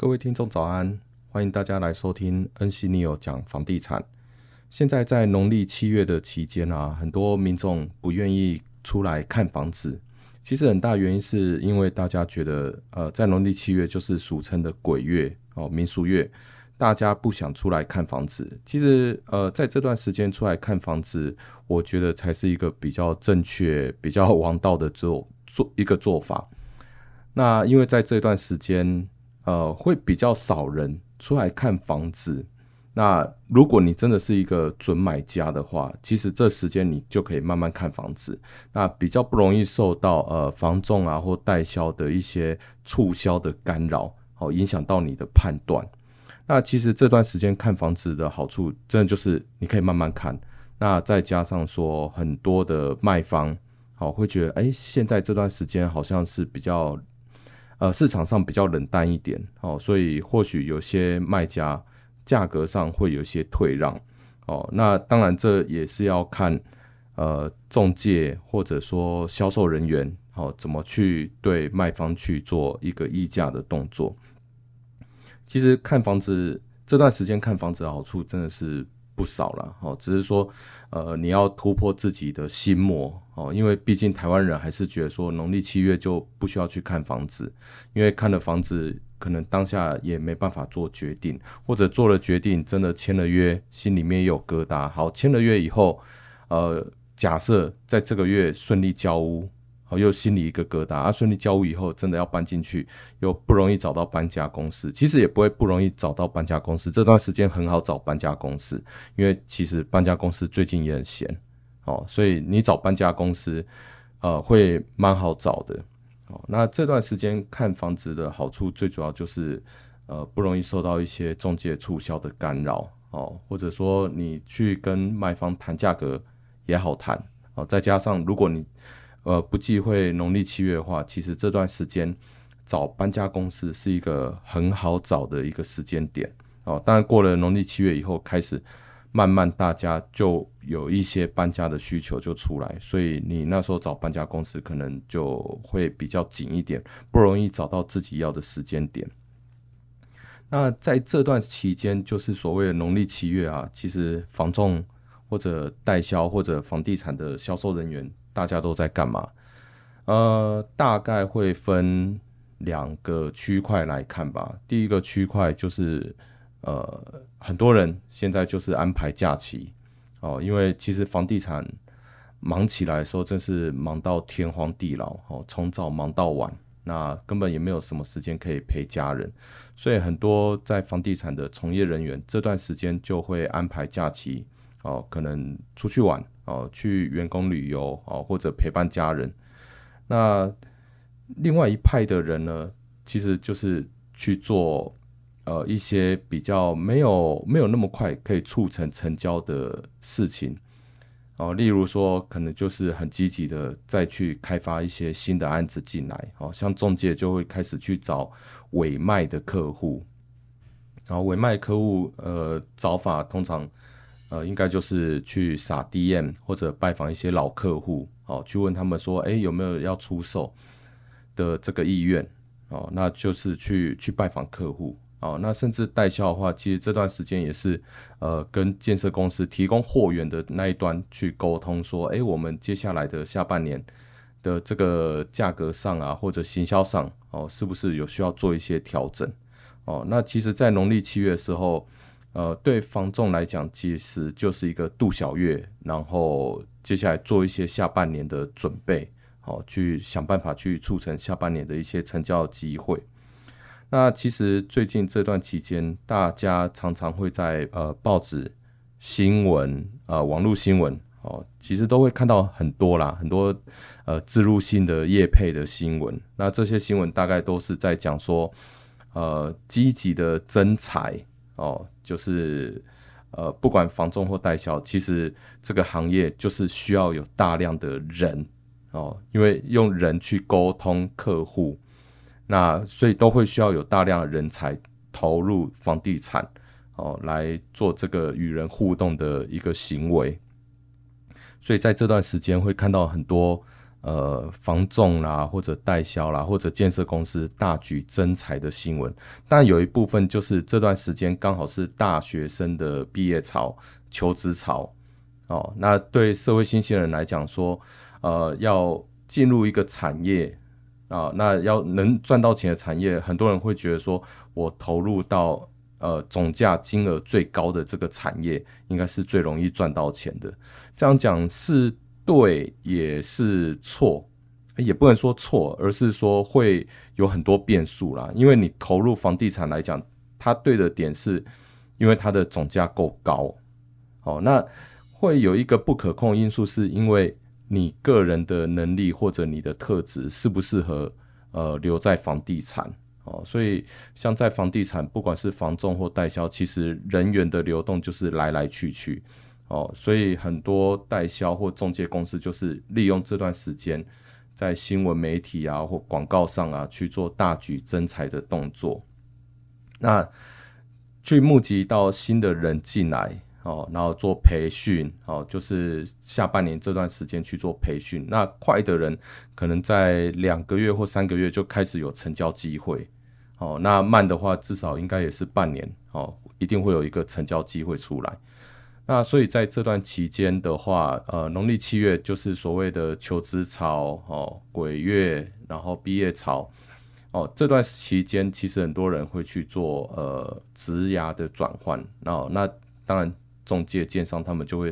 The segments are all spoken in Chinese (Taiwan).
各位聽眾早安，歡迎大家來收聽恩西尼爾講房地產。現在在農曆七月的期間啊，很多民眾不願意出來看房子。其實很大原因是因為大家覺得，呃，在農曆七月就是俗稱的鬼月哦，民俗月，大家不想出來看房子。其實，呃，在這段時間出來看房子，我覺得才是一個比較正確、比較王道的做做一個做法。那因為在這段時間。呃，會比較少人出來看房子。那如果你真的是一個準買家的話，其實這時間你就可以慢慢看房子。那比較不容易受到呃房仲啊，或代銷的一些促銷的干擾，好、哦、影響到你的判斷。那其實這段時間看房子的好處，真的就是你可以慢慢看。那再加上說很多的賣方，好、哦、會覺得哎、欸，現在這段時間好像是比較。呃，市場上比較冷淡一點哦，所以或許有些賣家價格上會有一些退讓哦。那當然，這也是要看呃仲介或者說銷售人員哦怎麼去對賣方去做一個議價的動作。其實看房子這段時間看房子的好處真的是不少了哦，只是說呃你要突破自己的心魔，哦，因為畢竟台灣人還是覺得說農曆七月就不需要去看房子，因為看了房子，可能當下也沒辦法做決定，或者做了決定，真的簽了約，心裡面也有疙瘩。好，簽了約以後，呃，假設在這個月順利交屋，好，又心裡一個疙瘩。啊，順利交屋以後，真的要搬進去，又不容易找到搬家公司。其實也不會不容易找到搬家公司，這段時間很好找搬家公司，因為其實搬家公司最近也很閒。哦，所以你找搬家公司，呃，會蠻好找的。哦，那這段時間看房子的好處最主要就是，呃，不容易受到一些中介促銷的干擾。哦，或者說你去跟賣方談價格也好談。哦，再加上如果你，呃，不忌諱農曆七月的話，其實這段時間找搬家公司是一個很好找的一個時間點。哦，但過了農曆七月以後開始。慢慢，大家就有一些搬家的需求就出來，所以你那時候找搬家公司可能就會比較緊一點，不容易找到自己要的時間點。那在這段期間，就是所謂的農曆七月啊，其實房仲或者代銷或者房地產的銷售人員，大家都在幹嘛？呃，大概會分兩個區塊來看吧。第一個區塊就是。呃，很多人現在就是安排假期哦，因為其實房地產忙起來的時候，真是忙到天荒地老哦，從早忙到晚，那根本也沒有什麼時間可以陪家人，所以很多在房地產的從業人員這段時間就會安排假期哦，可能出去玩哦，去員工旅遊哦，或者陪伴家人。那另外一派的人呢，其實就是去做。呃，一些比較沒有沒有那麼快可以促成成交的事情，哦、呃，例如說，可能就是很積極的再去開發一些新的案子進來，哦、呃，像中介就會開始去找委賣的客戶，然後委賣客戶，呃，找法通常，呃，應該就是去撒 DM 或者拜訪一些老客戶，哦、呃，去問他們說，哎、欸，有沒有要出售的這個意願，哦、呃，那就是去去拜訪客戶。哦，那甚至代銷的話，其實這段時間也是，呃，跟建設公司提供貨源的那一端去溝通，說，哎，我們接下來的下半年的這個價格上啊，或者行銷上，哦，是不是有需要做一些調整？哦，那其實，在農曆七月的時候，呃，對房仲來講，其實就是一個度小月，然後接下來做一些下半年的準備，哦，去想辦法去促成下半年的一些成交機會。那其實最近這段期間，大家常常會在呃報紙、新聞、呃網絡新聞，哦，其實都會看到很多啦，很多呃置入性的業配的新聞。那這些新聞大概都是在講說，呃積極的徵才哦，就是呃不管房仲或代銷，其實這個行業就是需要有大量的人哦，因為用人去溝通客戶。那所以都會需要有大量的人才投入房地產，哦，來做這個與人互動的一個行為。所以在這段時間會看到很多呃房仲啦，或者代銷啦，或者建設公司大舉徵才的新聞。但有一部分就是這段時間剛好是大學生的畢業潮，求職潮，哦，那對社會新鮮人來講說，呃，要進入一個產業。啊、哦，那要能賺到錢的產業，很多人會覺得說，我投入到呃總價金額最高的這個產業，應該是最容易賺到錢的。這樣講是對也是錯，欸，也不能說錯，而是說會有很多變數啦。因為你投入房地產來講，它對的點是，因為它的總價夠高，哦，那會有一個不可控因素，是因為。你個人的能力或者你的特質適不適合，呃，留在房地產哦？所以像在房地產，不管是房仲或代銷，其實人員的流動就是來來去去哦。所以很多代銷或仲介公司就是利用這段時間，在新聞媒體啊或廣告上啊去做大舉徵才的動作，那去募集到新的人進來。哦，然後做培訓，哦，就是下半年這段時間去做培訓，那快的人可能在兩個月或三個月就開始有成交機會，哦，那慢的話至少應該也是半年，哦，一定會有一個成交機會出來。那所以在這段期間的話，呃，農曆七月就是所謂的求職潮，哦，鬼月，然後畢業潮，哦，這段期間其實很多人會去做呃職涯的轉換，哦，那當然。中介、建商他們就會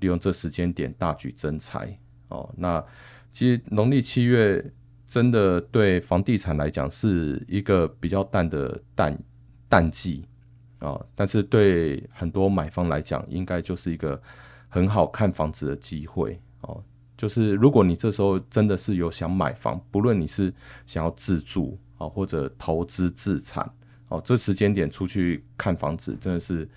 利用這時間點大舉徵才哦。那其實農曆七月真的對房地產來講是一個比較淡的淡淡季哦，但是對很多買方來講，應該就是一個很好看房子的機會哦。就是如果你這時候真的是有想買房，不論你是想要自住啊、哦，或者投資置產哦，這時間點出去看房子真的是。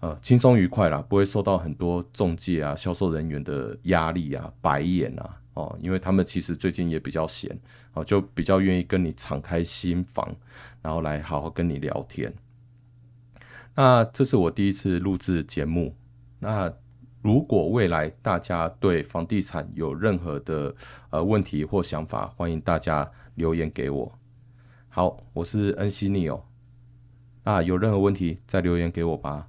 呃，輕鬆愉快啦，不會受到很多仲介啊、銷售人員的壓力啊、白眼啊，哦，因為他們其實最近也比較閒，哦，就比較願意跟你敞開心房，然後來好好跟你聊天。那這是我第一次錄製節目，那如果未來大家對房地產有任何的呃問題或想法，歡迎大家留言給我。好，我是恩熙尼哦，那有任何問題再留言給我吧。